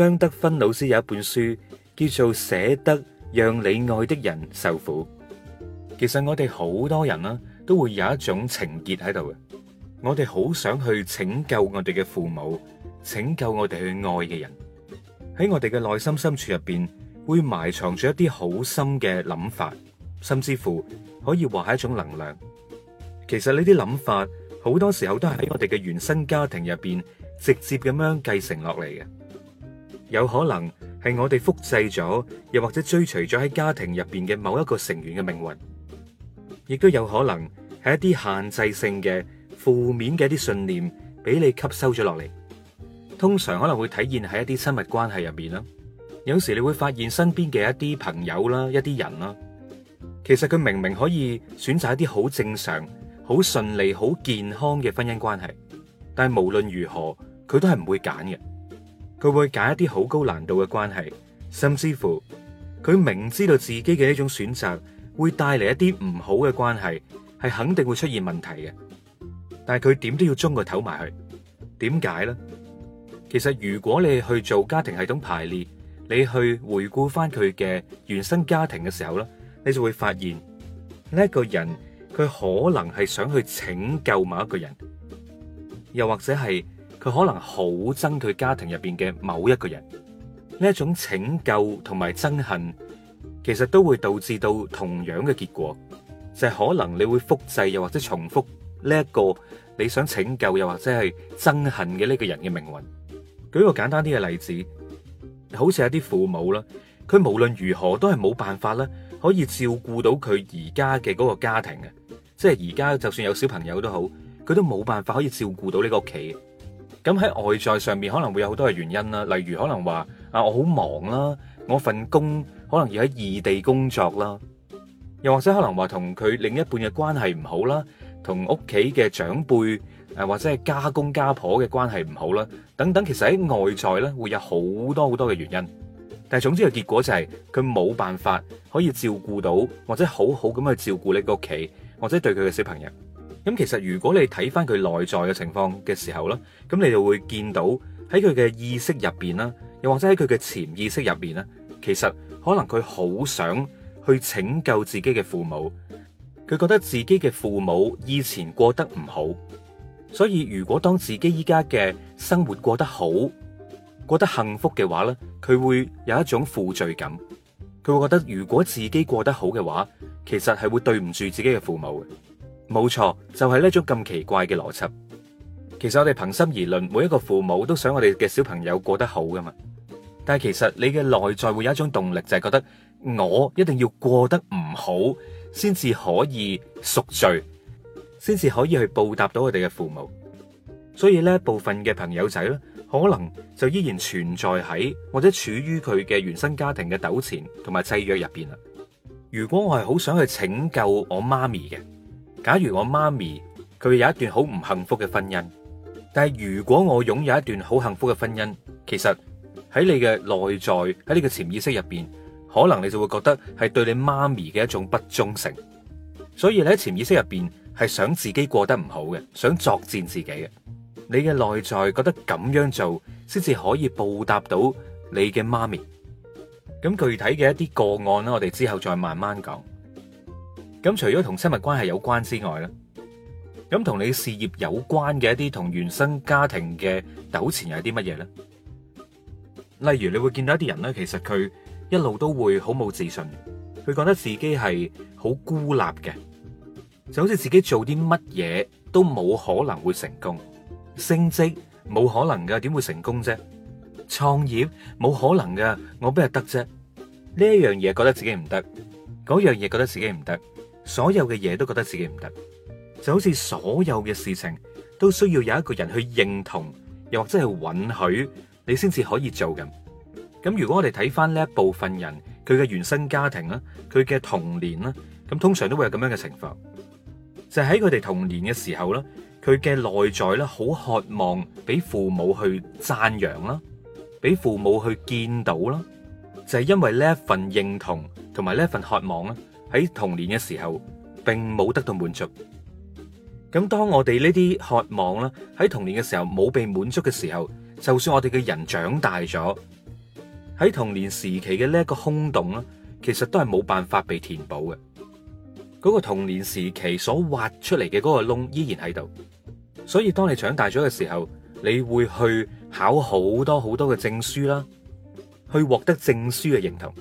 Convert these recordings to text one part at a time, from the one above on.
張德芬老師有一本書叫做《捨得讓你愛的人受苦》。其實我哋好多人啦、啊，都會有一種情結喺度嘅。我哋好想去拯救我哋嘅父母，拯救我哋去愛嘅人。喺我哋嘅內心深處入邊，會埋藏住一啲好深嘅諗法，甚至乎可以話係一種能量。其實呢啲諗法好多時候都係喺我哋嘅原生家庭入邊直接咁樣繼承落嚟嘅。有可能係我哋複製咗，又或者追隨咗喺家庭入邊嘅某一個成員嘅命運，亦都有可能係一啲限制性嘅負面嘅一啲信念俾你吸收咗落嚟。通常可能會體現喺一啲親密關係入面啦。有時你會發現身邊嘅一啲朋友啦，一啲人啦，其實佢明明可以選擇一啲好正常、好順利、好健康嘅婚姻關係，但係無論如何，佢都係唔會揀嘅。佢會揀一啲好高難度嘅關係，甚至乎佢明知道自己嘅一種選擇會帶嚟一啲唔好嘅關係，係肯定會出現問題嘅。但係佢點都要將個頭埋去，點解咧？其實如果你去做家庭系統排列，你去回顧翻佢嘅原生家庭嘅時候咧，你就會發現呢一個人佢可能係想去拯救某一個人，又或者係。佢可能好憎佢家庭入邊嘅某一個人，呢一種拯救同埋憎恨，其實都會導致到同樣嘅結果，就係可能你會複製又或者重複呢一個你想拯救又或者係憎恨嘅呢個人嘅命運。舉個簡單啲嘅例子，好似一啲父母啦，佢無論如何都係冇辦法啦，可以照顧到佢而家嘅嗰個家庭嘅，即係而家就算有小朋友都好，佢都冇辦法可以照顧到呢個屋企。咁喺外在上面可能會有好多嘅原因啦，例如可能話啊我好忙啦，我份工可能要喺異地工作啦，又或者可能話同佢另一半嘅關係唔好啦，同屋企嘅長輩誒或者係家公家婆嘅關係唔好啦，等等，其實喺外在咧會有好多好多嘅原因，但係總之嘅結果就係佢冇辦法可以照顧到或者好好咁去照顧呢個屋企或者對佢嘅小朋友。咁其實如果你睇翻佢內在嘅情況嘅時候咧，咁你就會見到喺佢嘅意識入邊啦，又或者喺佢嘅潛意識入邊咧，其實可能佢好想去拯救自己嘅父母，佢覺得自己嘅父母以前過得唔好，所以如果當自己依家嘅生活過得好，過得幸福嘅話呢，佢會有一種負罪感，佢會覺得如果自己過得好嘅話，其實係會對唔住自己嘅父母嘅。冇錯，就係呢種咁奇怪嘅邏輯。其實我哋憑心而論，每一個父母都想我哋嘅小朋友過得好噶嘛。但係其實你嘅內在會有一種動力，就係覺得我一定要過得唔好，先至可以贖罪，先至可以去報答到我哋嘅父母。所以呢部分嘅朋友仔咧，可能就依然存在喺或者處於佢嘅原生家庭嘅糾纏同埋制約入邊啦。如果我係好想去拯救我媽咪嘅。假如我媽咪佢有一段好唔幸福嘅婚姻，但係如果我擁有一段好幸福嘅婚姻，其實喺你嘅內在喺你嘅潛意識入邊，可能你就會覺得係對你媽咪嘅一種不忠誠。所以你喺潛意識入邊係想自己過得唔好嘅，想作踐自己嘅。你嘅內在覺得咁樣做先至可以報答到你嘅媽咪。咁具體嘅一啲個案呢，我哋之後再慢慢講。咁除咗同親密關係有關之外咧，咁同你事業有關嘅一啲同原生家庭嘅糾纏又係啲乜嘢咧？例如你會見到一啲人咧，其實佢一路都會好冇自信，佢覺得自己係好孤立嘅，就好似自己做啲乜嘢都冇可能會成功，升職冇可能噶，點會成功啫？創業冇可能噶，我邊係得啫？呢一樣嘢覺得自己唔得，嗰樣嘢覺得自己唔得。所有嘅嘢都覺得自己唔得，就好似所有嘅事情都需要有一個人去認同，又或者係允許你先至可以做咁。咁如果我哋睇翻呢一部分人，佢嘅原生家庭啦，佢嘅童年啦，咁通常都會有咁樣嘅情況，就係喺佢哋童年嘅時候啦，佢嘅內在咧好渴望俾父母去讚揚啦，俾父母去見到啦，就係因為呢一份認同同埋呢一份渴望啦。喺童年嘅時候，並冇得到滿足。咁當我哋呢啲渴望啦，喺童年嘅時候冇被滿足嘅時候，就算我哋嘅人長大咗，喺童年時期嘅呢一個空洞啦，其實都係冇辦法被填補嘅。嗰個童年時期所挖出嚟嘅嗰個窿依然喺度。所以當你長大咗嘅時候，你會去考好多好多嘅證書啦，去獲得證書嘅認同。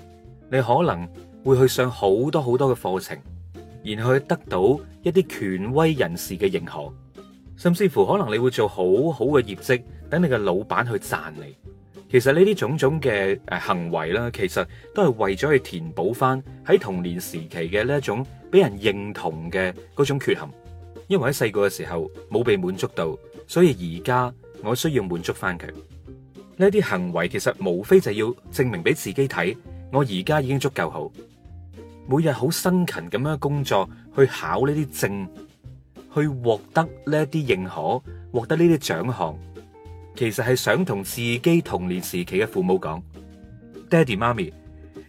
你可能，會去上好多好多嘅課程，然後去得到一啲權威人士嘅認可，甚至乎可能你會做好好嘅業績，等你嘅老闆去讚你。其實呢啲種種嘅誒、呃、行為啦，其實都係為咗去填補翻喺童年時期嘅呢一種俾人認同嘅嗰種缺陷，因為喺細個嘅時候冇被滿足到，所以而家我需要滿足翻佢。呢啲行為其實無非就要證明俾自己睇。我而家已經足夠好，每日好辛勤咁樣工作，去考呢啲證，去獲得呢一啲認可，獲得呢啲獎項，其實係想同自己童年時期嘅父母講，爹哋媽咪，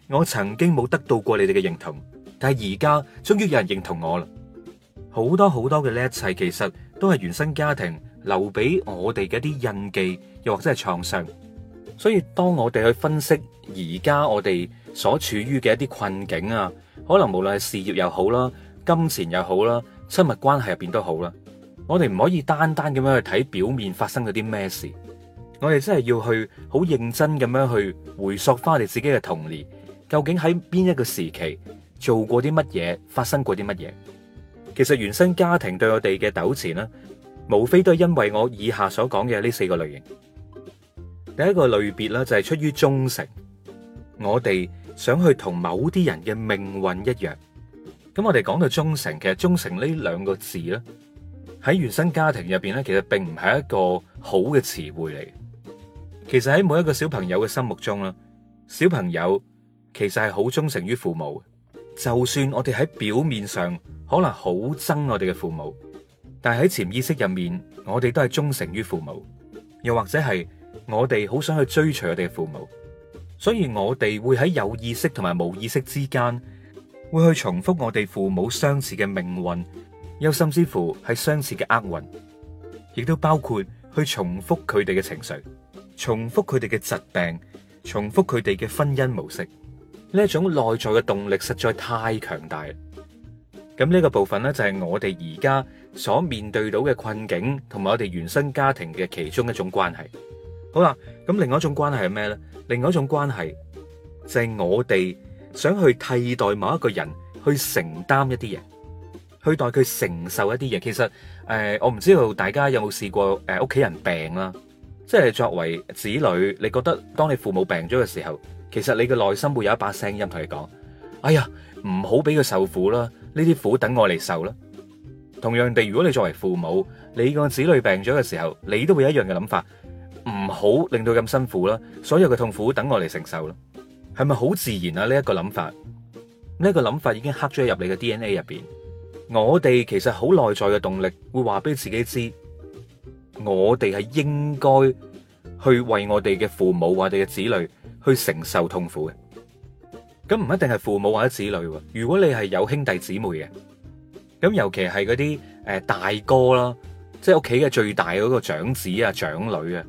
我曾經冇得到過你哋嘅認同，但係而家終於有人認同我啦。好多好多嘅呢一切，其實都係原生家庭留俾我哋嘅一啲印記，又或者係創傷。所以，當我哋去分析而家我哋所處於嘅一啲困境啊，可能無論係事業又好啦、金錢又好啦、親密關係入邊都好啦，我哋唔可以單單咁樣去睇表面發生咗啲咩事，我哋真係要去好認真咁樣去回溯返我哋自己嘅童年，究竟喺邊一個時期做過啲乜嘢，發生過啲乜嘢？其實原生家庭對我哋嘅糾纏呢，無非都係因為我以下所講嘅呢四個類型。第一個類別咧，就係出於忠誠，我哋想去同某啲人嘅命運一樣。咁我哋講到忠誠，其實忠誠呢兩個字咧，喺原生家庭入邊咧，其實並唔係一個好嘅詞彙嚟。其實喺每一個小朋友嘅心目中咧，小朋友其實係好忠誠於父母，就算我哋喺表面上可能好憎我哋嘅父母，但係喺潛意識入面，我哋都係忠誠於父母，又或者係。我哋好想去追隨我哋嘅父母，所以我哋會喺有意識同埋冇意識之間，會去重複我哋父母相似嘅命運，又甚至乎係相似嘅厄運，亦都包括去重複佢哋嘅情緒，重複佢哋嘅疾病，重複佢哋嘅婚姻模式。呢一種內在嘅動力實在太強大。咁呢一個部分呢，就係我哋而家所面對到嘅困境，同埋我哋原生家庭嘅其中一種關係。好啦，咁另外一種關係係咩咧？另外一種關係就係、是、我哋想去替代某一個人去承擔一啲嘢，去代佢承受一啲嘢。其實誒、呃，我唔知道大家有冇試過誒，屋企人病啦、啊，即係作為子女，你覺得當你父母病咗嘅時候，其實你嘅內心會有一把聲音同你講：哎呀，唔好俾佢受苦啦，呢啲苦等我嚟受啦。同樣地，如果你作為父母，你個子女病咗嘅時候，你都會有一樣嘅諗法。好令到咁辛苦啦，所有嘅痛苦等我嚟承受啦，係咪好自然啊？呢一個諗法，呢一個諗法已經刻咗入你嘅 D N A 入邊。我哋其實好內在嘅動力會話俾自己知，我哋係應該去為我哋嘅父母、或者嘅子女去承受痛苦嘅。咁唔一定係父母或者子女，如果你係有兄弟姊妹嘅，咁尤其係嗰啲誒大哥啦，即係屋企嘅最大嗰個長子啊、長女啊。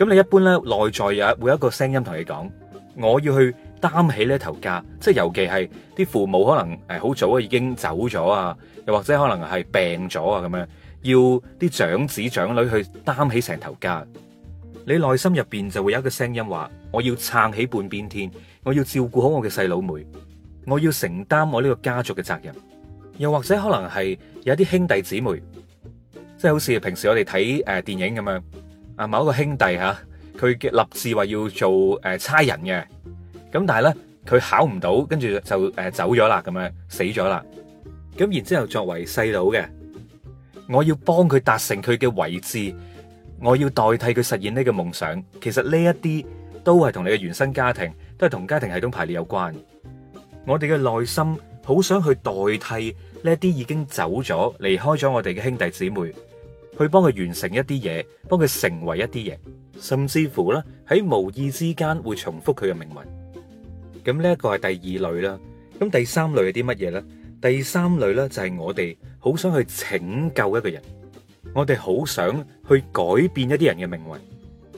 咁你一般咧，內在也會有一個聲音同你講，我要去擔起呢頭家，即係尤其係啲父母可能誒好早啊已經走咗啊，又或者可能係病咗啊咁樣，要啲長子長女去擔起成頭家。你內心入邊就會有一個聲音話，我要撐起半邊天，我要照顧好我嘅細佬妹，我要承擔我呢個家族嘅責任，又或者可能係有一啲兄弟姊妹，即係好似平時我哋睇誒電影咁樣。啊，某一個兄弟吓，佢嘅立志話要做誒差人嘅，咁但係咧佢考唔到，跟住就誒走咗啦，咁樣死咗啦。咁然之後作為細佬嘅，我要幫佢達成佢嘅位置，我要代替佢實現呢個夢想。其實呢一啲都係同你嘅原生家庭，都係同家庭系統排列有關。我哋嘅內心好想去代替呢一啲已經走咗、離開咗我哋嘅兄弟姊妹。去幫佢完成一啲嘢，幫佢成為一啲嘢，甚至乎呢喺無意之間會重複佢嘅命運。咁呢一個係第二類啦。咁第三類係啲乜嘢呢？第三類呢就係我哋好想去拯救一個人，我哋好想去改變一啲人嘅命運，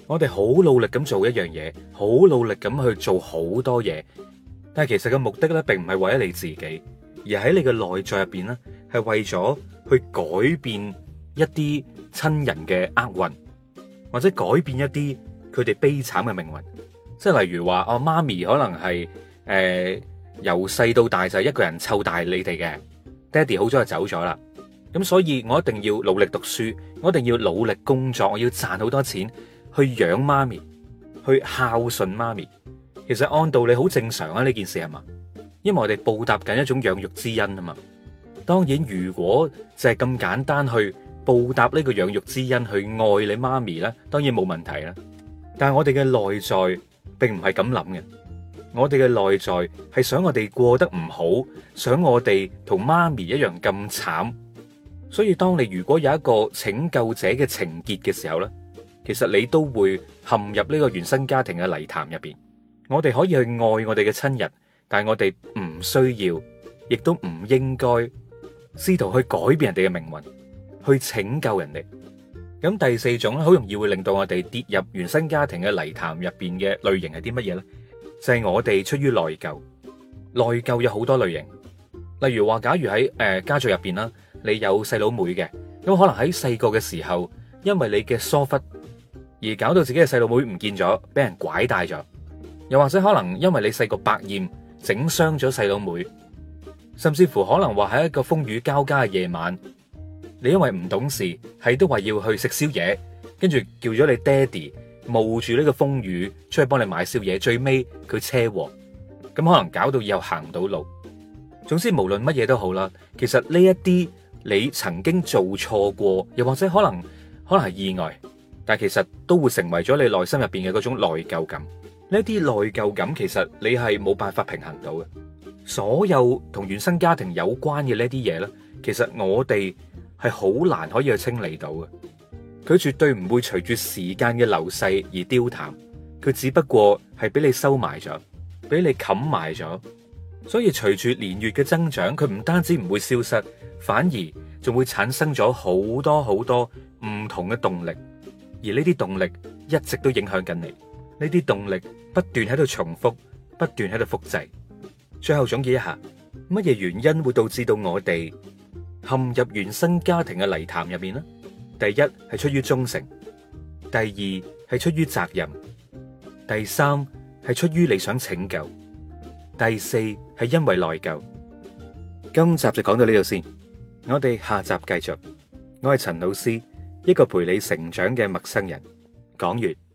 我哋好努力咁做一樣嘢，好努力咁去做好多嘢。但係其實個目的呢，並唔係為咗你自己，而喺你嘅內在入邊呢，係為咗去改變，一啲親人嘅厄運，或者改變一啲佢哋悲慘嘅命運，即係例如話我、哦、媽咪可能係誒由細到大就係一個人湊大你哋嘅，爹哋好早就走咗啦，咁所以我一定要努力讀書，我一定要努力工作，我要賺好多錢去養媽咪，去孝順媽咪。其實按道理好正常啊，呢件事係嘛？因為我哋報答緊一種養育之恩啊嘛。當然如果就係咁簡單去。報答呢個養育之恩去愛你媽咪咧，當然冇問題啦。但係我哋嘅內在並唔係咁諗嘅，我哋嘅內在係想我哋過得唔好，想我哋同媽咪一樣咁慘。所以當你如果有一個拯救者嘅情結嘅時候呢，其實你都會陷入呢個原生家庭嘅泥潭入邊。我哋可以去愛我哋嘅親人，但係我哋唔需要，亦都唔應該試圖去改變人哋嘅命運。去拯救人哋。咁第四種咧，好容易會令到我哋跌入原生家庭嘅泥潭入邊嘅類型係啲乜嘢咧？就係、是、我哋出於內疚。內疚有好多類型，例如話，假如喺誒、呃、家族入邊啦，你有細佬妹嘅，咁可能喺細個嘅時候，因為你嘅疏忽而搞到自己嘅細佬妹唔見咗，俾人拐帶咗。又或者可能因為你細個百厭，整傷咗細佬妹，甚至乎可能話喺一個風雨交加嘅夜晚。你因為唔懂事，係都話要去食宵夜，跟住叫咗你爹哋冒住呢個風雨出去幫你買宵夜，最尾佢車禍，咁可能搞到以後行唔到路。總之無論乜嘢都好啦，其實呢一啲你曾經做錯過，又或者可能可能係意外，但其實都會成為咗你內心入邊嘅嗰種內疚感。呢啲內疚感，其實你係冇辦法平衡到嘅。所有同原生家庭有關嘅呢啲嘢呢，其實我哋。係好難可以去清理到嘅，佢絕對唔會隨住時間嘅流逝而丟淡，佢只不過係俾你收埋咗，俾你冚埋咗。所以隨住年月嘅增長，佢唔單止唔會消失，反而仲會產生咗好多好多唔同嘅動力，而呢啲動力一直都影響緊你，呢啲動力不斷喺度重複，不斷喺度複製。最後總結一下，乜嘢原因會導致到我哋？陷入原生家庭嘅泥潭入面啦，第一係出於忠誠，第二係出於責任，第三係出於你想拯救，第四係因為內疚。今集就講到呢度先，我哋下集繼續。我係陳老師，一個陪你成長嘅陌生人。講完。